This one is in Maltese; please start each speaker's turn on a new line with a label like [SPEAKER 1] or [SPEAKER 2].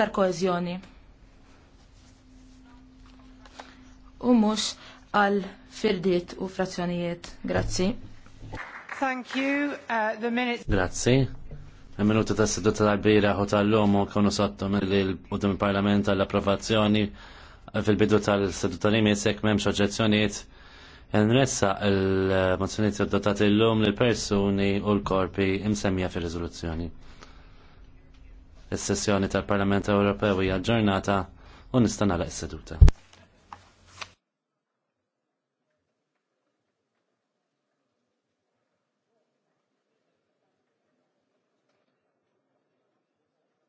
[SPEAKER 1] tal-koezjoni. U mhux għal firdiet u frazzjonijiet. Grazzi.
[SPEAKER 2] Thank you.
[SPEAKER 3] Uh, the minute...
[SPEAKER 4] Grazzi. Il-minuta ta' seduta tal-bira u tal-lum u konu sottom il-parlament għall-approvazzjoni fil-bidu tal-seduta li misek memx oġezzjoniet nressa il-mozzjoniet dotati l-lum l-persuni u l-korpi imsemmija fil-rizoluzzjoni. Is-sessjoni tal-Parlament Ewropew hija ġġornata u nista' nagħlaq is-seduta.